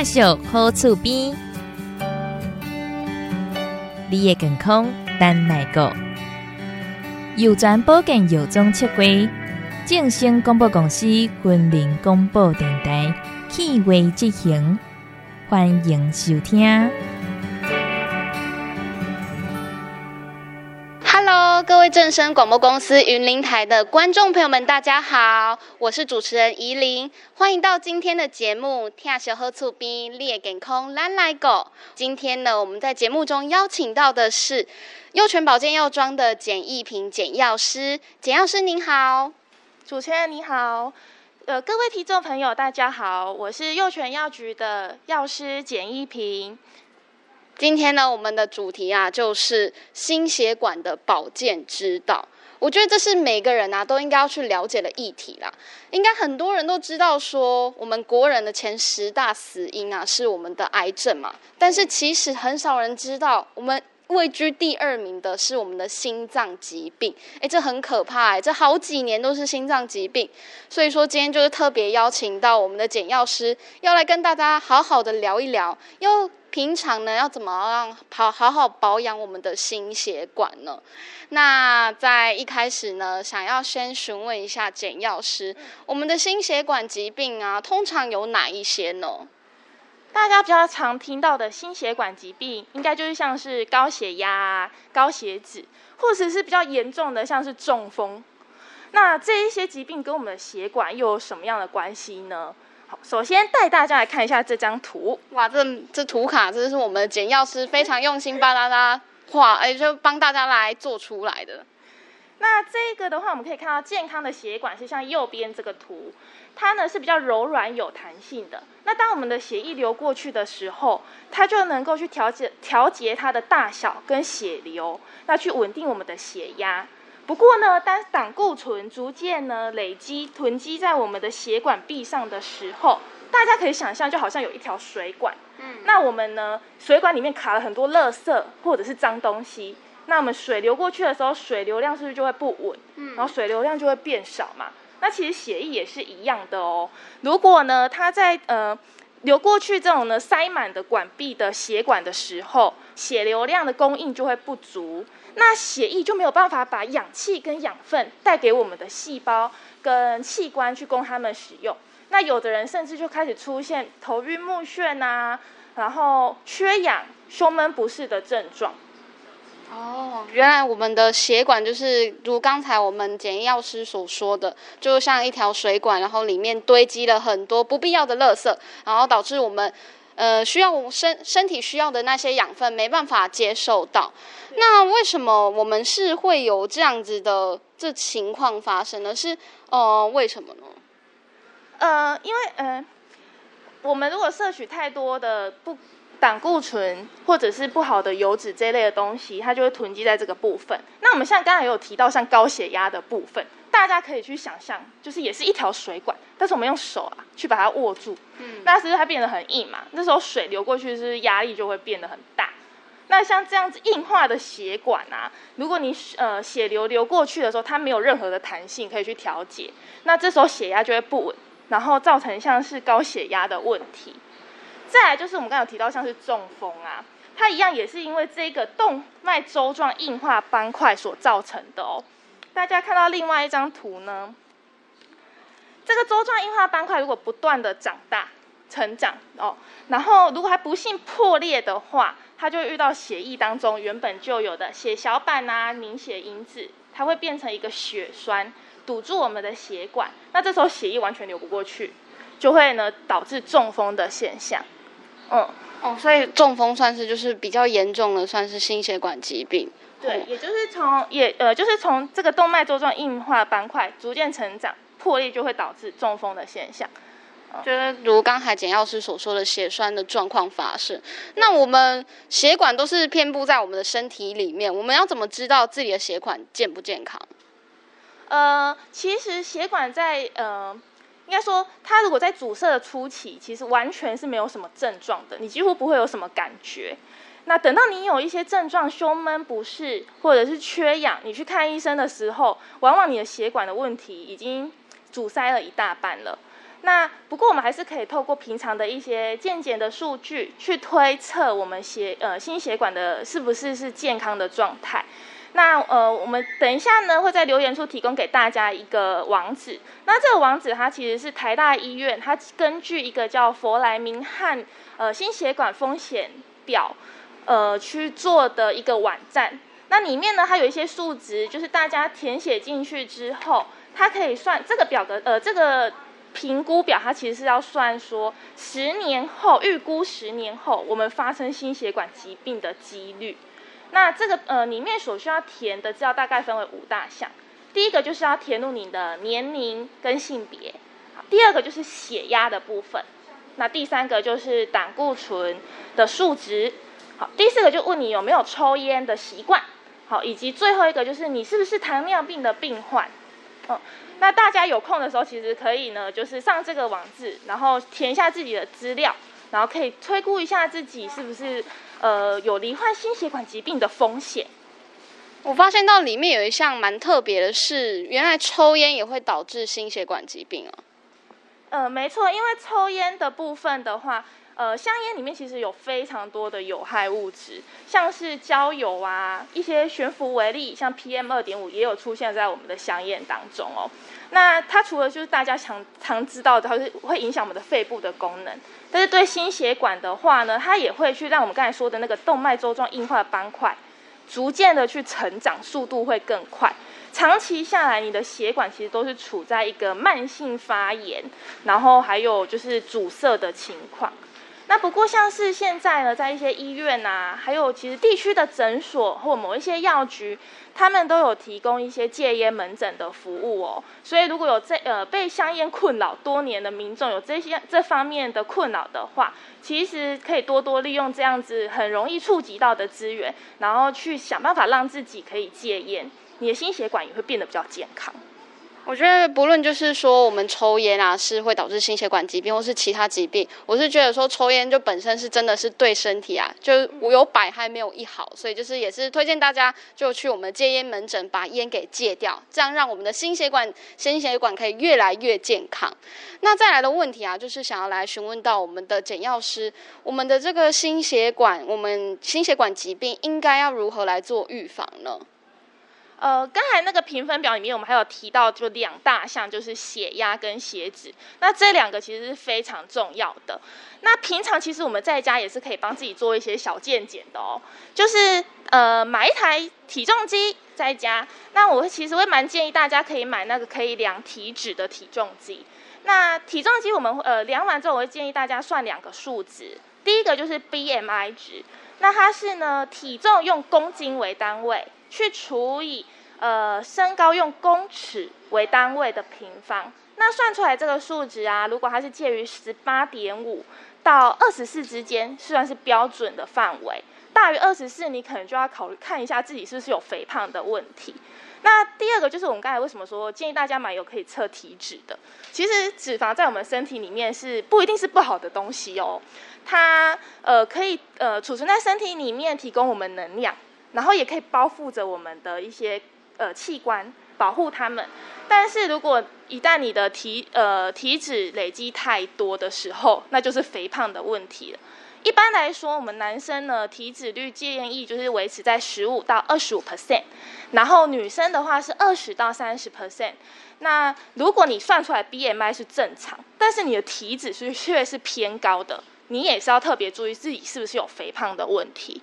疼惜好厝邊？你的健康等來顧？右轉保健，右轉切歸。正聲廣播公司，雲林廣播電台，趣味執行，歡迎收聽。正聲廣播公司雲林台的觀眾朋友們，大家好，我是主持人怡琳，歡迎到今天的節目。跳小喝醋冰裂點空懶來狗。今天呢，我們在節目中邀請到的是幼泉保健藥莊的簡憶蘋簡藥師，簡藥師您好，主持人你好，呃，各位聽眾朋友大家好，我是幼泉藥局的藥師簡憶蘋。今天呢，我們的主題啊，就是心血管的保健之道。我覺得這是每個人啊都應該要去了解的議題啦。應該很多人都知道說，我們國人的前十大死因啊是我們的癌症嘛。但是其實很少人知道我們。位居第二名的是我們的心臟疾病，哎，這很可怕哎、欸，這好幾年都是心臟疾病，所以說今天就是特別邀請到我們的簡藥師，要來跟大家好好的聊一聊，又平常呢要怎麼樣好好好保養我們的心血管呢？那在一開始呢，想要先詢問一下簡藥師，我們的心血管疾病啊，通常有哪一些呢？大家比較常聽到的心血管疾病，應該就是像是高血壓、高血脂，或者是比較嚴重的像是中風。那這一些疾病跟我們的血管又有什麼樣的關係呢？好，首先帶大家來看一下這張圖。哇，這這圖卡，這是我們的簡藥師非常用心巴拉拉畫，哎、欸，就幫大家來做出來的。那這個的話，我們可以看到健康的血管是像右邊這個圖，它呢是比較柔軟有彈性的。那當我們的血液流過去的時候，它就能夠去調節調節它的大小跟血流，那去穩定我們的血壓。不過呢，當膽固醇逐漸呢累積囤積在我們的血管壁上的時候，大家可以想象就好像有一條水管，嗯，那我們呢水管裡面卡了很多垃圾或者是髒東西。那我們水流過去的時候，水流量是不是就會不穩？嗯，然後水流量就會變少嘛。那其實血液也是一樣的哦。如果呢，它在呃流過去這種呢塞滿的管壁的血管的時候，血流量的供應就會不足，那血液就沒有辦法把氧氣跟養分帶給我們的細胞跟器官去供他們使用。那有的人甚至就開始出現頭暈目眩啊，然後缺氧、胸悶不適的症狀。哦，原來我們的血管就是如剛才我們簡憶蘋藥師所說的，就像一條水管，然後裡面堆積了很多不必要的垃圾，然後導致我們，呃，需要我身身體需要的那些養分沒辦法接受到。是那為什麼我們是會有這樣子的這情況發生呢？是呃，為什麼呢？呃，因為呃，我們如果攝取太多的不。膽固醇或者是不好的油脂這一類的東西，它就會囤積在這個部分。那我們像剛才有提到像高血壓的部分，大家可以去想象，就是也是一條水管，但是我們用手啊去把它握住，嗯，那是不是它變得很硬嘛？啊。那時候水流過去，是壓力就會變得很大。那像這樣子硬化的血管啊，如果你呃血流流過去的時候，它沒有任何的彈性可以去調節，那這時候血壓就會不穩，然後造成像是高血壓的問題。再來就是我們剛有提到，像是中風啊，它一樣也是因為這個動脈粥狀硬化斑塊所造成的哦。大家看到另外一張圖呢，這個粥狀硬化斑塊如果不斷的長大、成長哦，然後如果還不幸破裂的話，它就會遇到血液當中原本就有的血小板啊、凝血因子，它會變成一個血栓，堵住我們的血管，那這時候血液完全流不過去，就會呢導致中風的現象。嗯、哦，所以中風算是就是比較嚴重的，算是心血管疾病。對，哦、也就是從也呃，就是從這個動脈粥狀硬化斑塊逐漸成長破裂，魄力就會導致中風的現象。就、嗯、是如剛才簡藥師所說的血栓的狀況發生。嗯、那我們血管都是遍佈在我們的身體裡面，我們要怎麼知道自己的血管健不健康？呃，其實血管在呃。應該說，它如果在阻塞的初期，其實完全是沒有什麼症狀的，你幾乎不會有什麼感覺。那等到你有一些症狀，胸悶不適或者是缺氧，你去看醫生的時候，往往你的血管的問題已經阻塞了一大半了。那不過我們還是可以透過平常的一些健檢的數據，去推測我們血呃心血管的是不是是健康的狀態。那呃，我們等一下呢，會在留言處提供給大家一個網址。那這個網址它其實是台大醫院，它根據一個叫佛萊明漢呃心血管風險表呃去做的一個網站。那裡面呢，它有一些數值，就是大家填寫進去之後，它可以算這個表格呃這個評估表，它其實是要算說十年後預估十年後我們發生心血管疾病的幾率。那這個呃裡面所需要填的資料大概分為五大項，第一個就是要填入你的年齡跟性別，第二個就是血壓的部分，那第三個就是膽固醇的數值，好，第四個就問你有沒有抽菸的習慣，好，以及最後一個就是你是不是糖尿病的病患，哦，那大家有空的時候其實可以呢，就是上這個網址，然後填一下自己的資料，然後可以推估一下自己是不是。呃，有罹患心血管疾病的風險。我發現到裡面有一項蠻特別的是，原來抽煙也會導致心血管疾病啊。呃，沒錯，因為抽煙的部分的話。呃，香煙裡面其實有非常多的有害物質，像是焦油啊，一些懸浮微粒，像 PM 二點五，也有出現在我們的香煙當中哦。那它除了就是大家常常知道的，它是會影響我們的肺部的功能，但是對心血管的話呢，它也會去讓我們剛才說的那個動脈粥狀硬化的斑塊，逐漸的去成長，速度會更快。長期下來，你的血管其實都是處在一個慢性發炎，然後還有就是阻塞的情況。那不過像是現在呢，在一些醫院啊，還有其實地區的診所或某一些藥局，他們都有提供一些戒菸門診的服務哦。所以如果有這呃被香菸困擾多年的民眾，有這些這方面的困擾的話，其實可以多多利用這樣子很容易觸及到的資源，然後去想辦法讓自己可以戒菸，你的心血管也會變得比較健康。我覺得不論就是說我們抽煙啊，是會導致心血管疾病或是其他疾病。我是覺得說抽煙就本身是真的是對身體啊，就我有百害沒有一好，所以就是也是推薦大家就去我們的戒煙門診把煙給戒掉，這樣讓我們的心血管、心血管可以越來越健康。那再來的問題啊，就是想要來詢問到我們的簡藥師，我們的這個心血管、我們心血管疾病應該要如何來做預防呢？呃，剛才那個評分表裡面，我們還有提到就兩大項，就是血壓跟血脂。那這兩個其實是非常重要的。那平常其實我們在家也是可以幫自己做一些小健檢的哦。就是呃，買一台體重機在家，那我其實會蠻建議大家可以買那個可以量體脂的體重機。那體重機我們呃量完之後，我會建議大家算兩個數值，第一個就是 BMI 值，那它是呢體重用公斤為單位。去除以，呃身高用公尺為單位的平方，那算出來這個數值啊，如果它是介於十八點五到二十四之間，算是標準的範圍。大於二十四，你可能就要考慮看一下自己是不是有肥胖的問題。那第二個就是我們剛才為什麼說建議大家買有可以測體脂的？其實脂肪在我們身體裡面是不一定是不好的東西哦，它呃可以呃儲存在身體裡面，提供我們能量。然後也可以包覆着我們的一些呃器官，保護它們。但是如果一旦你的體呃體脂累積太多的時候，那就是肥胖的問題了。一般來說，我們男生呢體脂率建議就是維持在十五到二十五 percent，然後女生的話是二十到三十 percent。那如果你算出來 BMI 是正常，但是你的體脂是卻是偏高的，你也是要特別注意自己是不是有肥胖的問題，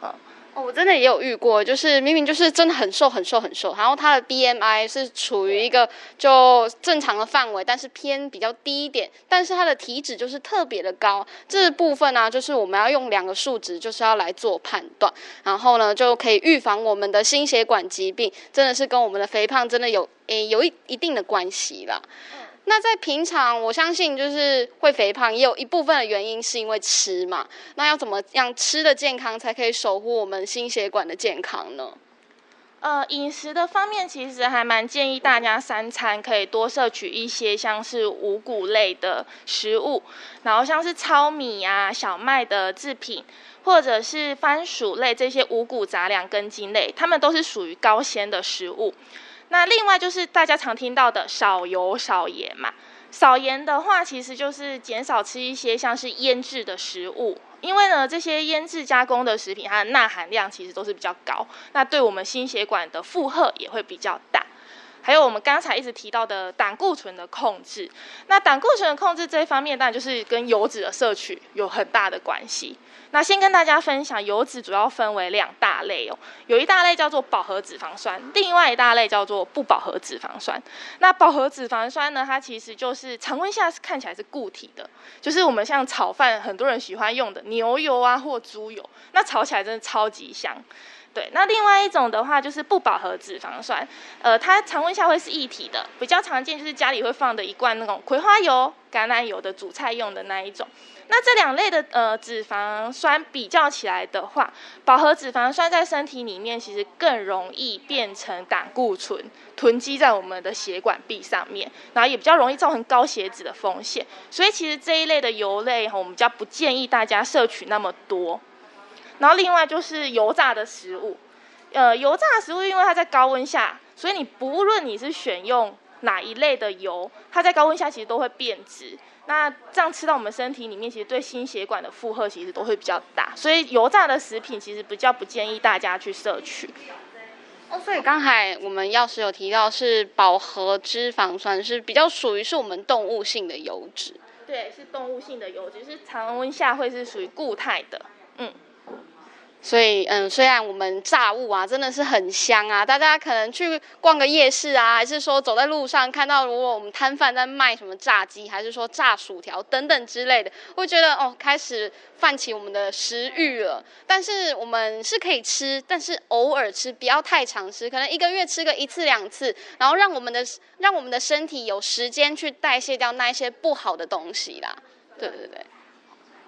啊、呃。哦，我真的也有遇過，就是明明就是真的很瘦很瘦很瘦，然後他的 BMI 是處於一個就正常的範圍，但是偏比較低一點，但是他的體脂就是特別的高。這部分呢、啊，就是我們要用兩個數值，就是要來做判斷，然後呢就可以預防我們的心血管疾病，真的是跟我們的肥胖真的有誒有一一定的關係啦。那在平常，我相信就是會肥胖，也有一部分的原因是因為吃嘛。那要怎麼樣吃得健康，才可以守護我們心血管的健康呢？呃，飲食的方面，其實還蠻建議大家三餐可以多攝取一些像是五穀類的食物，然後像是糙米啊、小麥的製品，或者是番薯類這些五穀雜糧跟根莖類，它們都是屬於高纖的食物。那另外就是大家常聽到的少油少鹽嘛，少鹽的話其實就是減少吃一些像是醃制的食物，因為呢這些醃制加工的食品它的鈉含量其實都是比較高，那對我們心血管的負荷也會比較大。還有我們剛才一直提到的膽固醇的控制，那膽固醇的控制這一方面，當然就是跟油脂的攝取有很大的關係。那先跟大家分享，油脂主要分為兩大類哦，有一大類叫做飽和脂肪酸，另外一大類叫做不飽和脂肪酸。那飽和脂肪酸呢，它其實就是常溫下是看起來是固體的，就是我們像炒飯很多人喜歡用的牛油啊或豬油，那炒起來真的超級香。對，那另外一種的話就是不飽和脂肪酸，呃，它常溫下會是液體的，比較常見就是家裡會放的一罐那種葵花油、橄欖油的煮菜用的那一種。那這兩類的呃脂肪酸比較起來的話，飽和脂肪酸在身體裡面其實更容易變成膽固醇囤積在我們的血管壁上面，然後也比較容易造成高血脂的風險，所以其實這一類的油類哈，我們比較不建議大家攝取那麼多。然後另外就是油炸的食物，呃，油炸的食物因為它在高溫下，所以你不論你是選用哪一類的油，它在高溫下其實都會變質。那這樣吃到我們身體裡面，其實對心血管的負荷其實都會比較大。所以油炸的食品其實比較不建議大家去攝取。哦，所以剛才我們藥師有提到是飽和脂肪酸，是比較屬於是我們動物性的油脂。對，是動物性的油脂，是常溫下會是屬於固態的。嗯。所以，嗯，雖然我們炸物啊，真的是很香啊，大家可能去逛個夜市啊，還是說走在路上看到，如果我們攤販在賣什麼炸雞，還是說炸薯條等等之類的，會覺得哦，開始泛起我們的食欲了。但是我們是可以吃，但是偶爾吃，不要太常吃，可能一個月吃個一次兩次，然後讓我們的、讓我們的身體有時間去代謝掉那一些不好的東西啦。對對對對。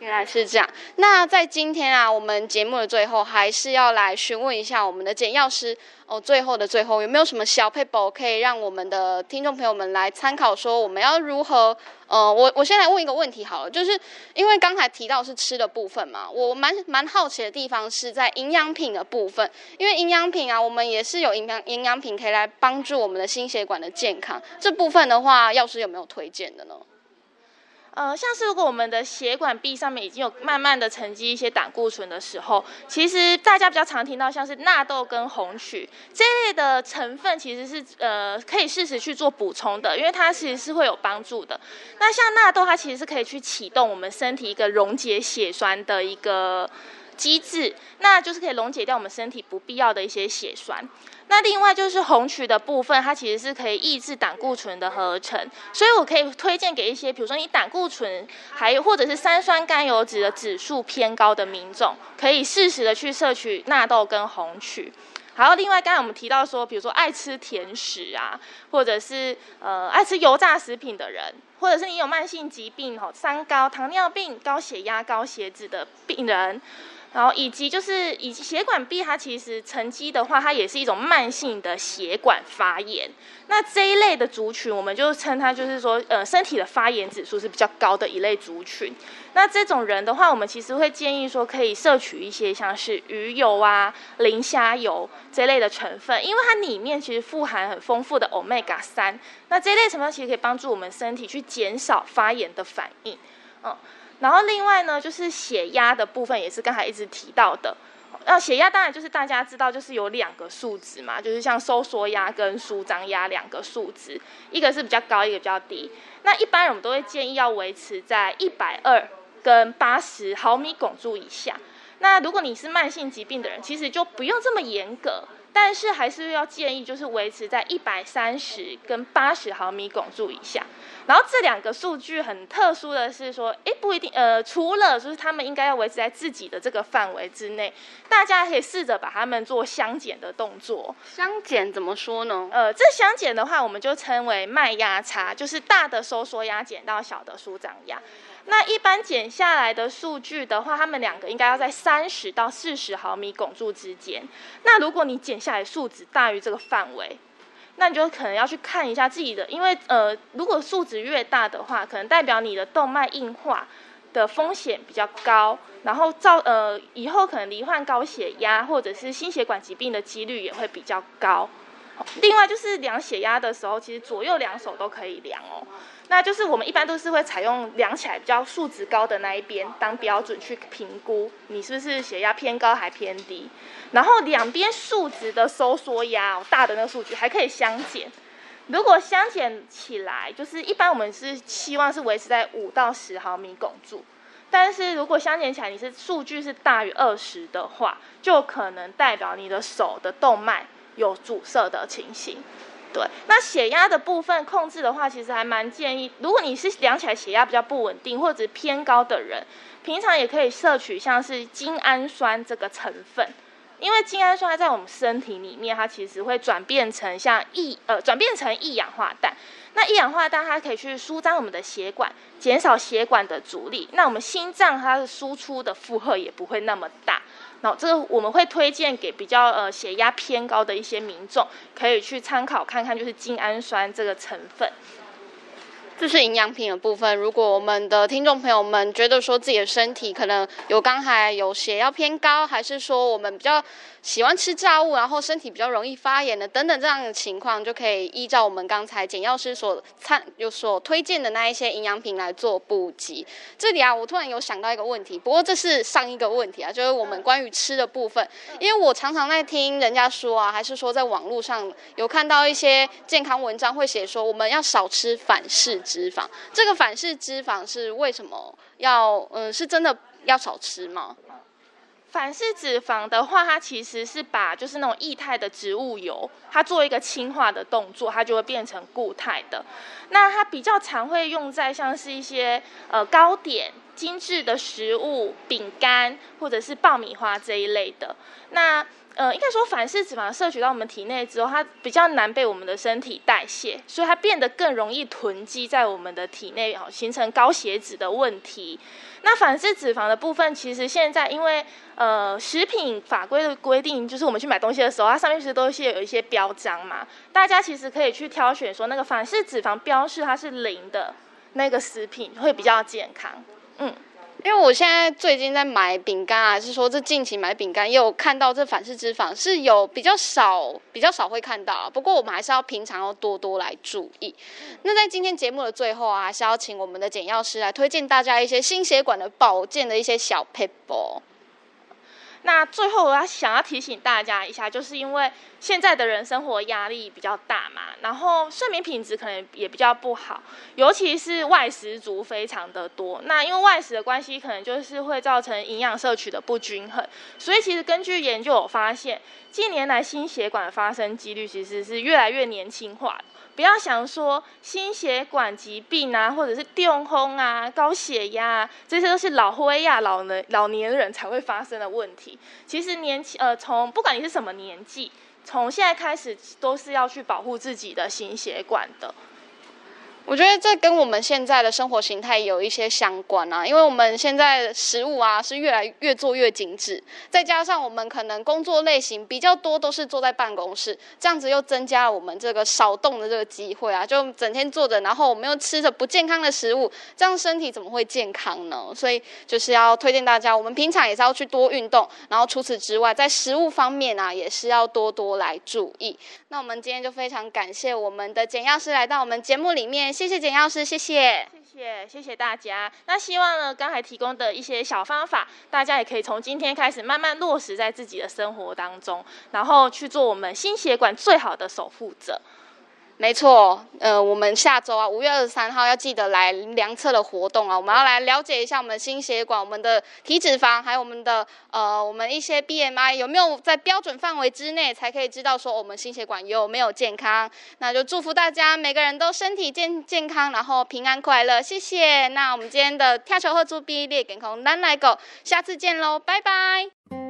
原來是這樣。那在今天啊，我們節目的最後還是要來詢問一下我們的簡藥師哦。最後的最後，有沒有什麼小撇步可以讓我們的聽眾朋友們來參考？說我們要如何？呃，我我先來問一個問題好了，就是因為剛才提到是吃的部分嘛，我蠻蠻好奇的地方是在營養品的部分，因為營養品啊，我們也是有營養營養品可以來幫助我們的心血管的健康。這部分的話，藥師有沒有推薦的呢？呃，像是如果我們的血管壁上面已經有慢慢的沉積一些膽固醇的時候，其實大家比較常聽到像是納豆跟紅曲這一類的成分，其實是呃可以適時去做補充的，因為它其實是會有幫助的。那像納豆，它其實是可以去啟動我們身體一個溶解血栓的一個機制，那就是可以溶解掉我們身體不必要的一些血栓。那另外就是紅麴的部分，它其實是可以抑制膽固醇的合成，所以我可以推薦給一些，比如說你膽固醇還有或者是三酸甘油脂的指數偏高的民眾，可以適時的去攝取納豆跟紅曲。還有另外，剛才我們提到說，比如說愛吃甜食啊，或者是呃愛吃油炸食品的人，或者是你有慢性疾病哦，三高、糖尿病、高血壓、高血脂的病人。然後以及就是以及血管壁它其實沉積的話，它也是一種慢性的血管發炎。那這一類的族群，我們就稱它就是說，呃，身體的發炎指數是比較高的一類族群。那這種人的話，我們其實會建議說，可以攝取一些像是魚油啊、磷蝦油這一類的成分，因為它裡面其實富含很豐富的 Omega 三。那這一類成分其實可以幫助我們身體去減少發炎的反應，嗯、哦。然後另外呢，就是血壓的部分也是剛才一直提到的。那血壓當然就是大家知道，就是有兩個數值嘛，就是像收縮壓跟舒張壓兩個數值，一個是比較高，一個比較低。那一般我們都會建議要維持在一百二跟八十毫米汞柱以下。那如果你是慢性疾病的人，其實就不用這麼嚴格，但是還是要建議就是維持在一百三十跟八十毫米汞柱以下。然後這兩個數據很特殊的是說，誒，不一定，呃，除了就是他們應該要維持在自己的這個範圍之內，大家可以試着把它們做相減的動作。相減怎麼說呢？呃，這相減的話，我們就稱為脈壓差，就是大的收縮壓減到小的舒張壓。那一般減下來的數據的話，它們兩個應該要在三十到四十毫米汞柱之間。那如果你減下來的數值大於這個範圍，那你就可能要去看一下自己的，因為呃，如果數值越大的話，可能代表你的動脈硬化的風險比較高，然後造呃，以後可能罹患高血壓或者是心血管疾病的幾率也會比較高。另外就是量血壓的時候，其實左右兩手都可以量哦。那就是我們一般都是會採用量起來比較數值高的那一邊當標準去評估你是不是血壓偏高還偏低。然後兩邊數值的收縮壓大的那個數據還可以相減。如果相減起來，就是一般我們是希望是維持在五到十毫米汞柱。但是如果相減起來你是數據是大於二十的話，就可能代表你的手的動脈。有阻塞的情形，對。那血壓的部分控制的話，其實還蠻建議，如果你是量起來血壓比較不穩定或者偏高的人，平常也可以攝取像是精氨酸這個成分，因為精氨酸它在我們身體裡面，它其實會轉變成像一呃轉變成一氧化氮，那一氧化氮它可以去舒張我們的血管，減少血管的阻力，那我們心臟它的輸出的負荷也不會那麼大。那這個我們會推薦給比較呃血壓偏高的一些民眾，可以去參考看看，就是精氨酸這個成分。這是營養品的部分。如果我們的聽眾朋友們覺得說自己的身體可能有剛才有血壓偏高，還是說我們比較喜歡吃炸物，然後身體比較容易發炎的等等這樣的情況，就可以依照我們剛才簡藥師所參有所推薦的那一些營養品來做補給。這裡啊，我突然有想到一個問題，不過這是上一個問題啊，就是我們關於吃的部分，因為我常常在聽人家說啊，還是說在網絡上有看到一些健康文章會寫說，我們要少吃反式。脂肪，這個反式脂肪是為什麼要？嗯、呃，是真的要少吃嗎？反式脂肪的話，它其實是把就是那種液態的植物油，它做一個氫化的動作，它就會變成固態的。那它比較常會用在像是一些呃糕點、精緻的食物、餅乾或者是爆米花這一類的。那呃，應該說，反式脂肪攝取到我們體內之後，它比較難被我們的身體代謝，所以它變得更容易囤積在我們的體內哦，形成高血脂的問題。那反式脂肪的部分，其實現在因為呃食品法規的規定，就是我們去買東西的時候，它上面其實都是有一些標章嘛，大家其實可以去挑選說那個反式脂肪標示它是零的那個食品，會比較健康。嗯。因為我現在最近在買餅乾啊，是說這近期買餅乾也有看到這反式脂肪，是有比較少，比較少會看到啊。不過我們還是要平常要多多來注意。那在今天節目的最後啊，還是要請我們的簡藥師來推薦大家一些心血管的保健的一些小撇步。那最後我要想要提醒大家一下，就是因為現在的人生活壓力比較大嘛，然後睡眠品質可能也比較不好，尤其是外食族非常的多。那因為外食的關係，可能就是會造成營養攝取的不均衡。所以其實根據研究我發現，近年來心血管發生幾率其實是越來越年輕化的。不要想說心血管疾病啊，或者是中風啊、高血壓啊，這些都是老灰啊、老年老年人才會發生的問題。其實年輕呃，從不管你是什麼年紀，從現在開始都是要去保護自己的心血管的。我覺得這跟我們現在的生活形態有一些相關啊，因為我們現在食物啊是越來越做越精緻，再加上我們可能工作類型比較多，都是坐在辦公室，這樣子又增加了我們這個少動的這個機會啊，就整天坐着，然後我們又吃着不健康的食物，這樣身體怎麼會健康呢？所以就是要推薦大家，我們平常也是要去多運動，然後除此之外，在食物方面啊，也是要多多來注意。那我們今天就非常感謝我們的簡藥師來到我們節目裡面。謝謝簡藥師，謝謝，謝謝，謝謝大家。那希望呢，剛才提供的一些小方法，大家也可以從今天開始慢慢落實在自己的生活當中，然後去做我們心血管最好的守護者。沒錯，呃，我們下週啊，五月二十三號要記得來量測的活動啊，我們要來了解一下我們心血管、我們的體脂肪還有我們的呃，我們一些 BMI 有沒有在標準範圍之內，才可以知道說我們心血管有沒有健康。那就祝福大家每個人都身體健健康，然後平安快樂，謝謝。那我們今天的跳球喝豬逼列健康奶奶狗，下次見嘍，拜拜。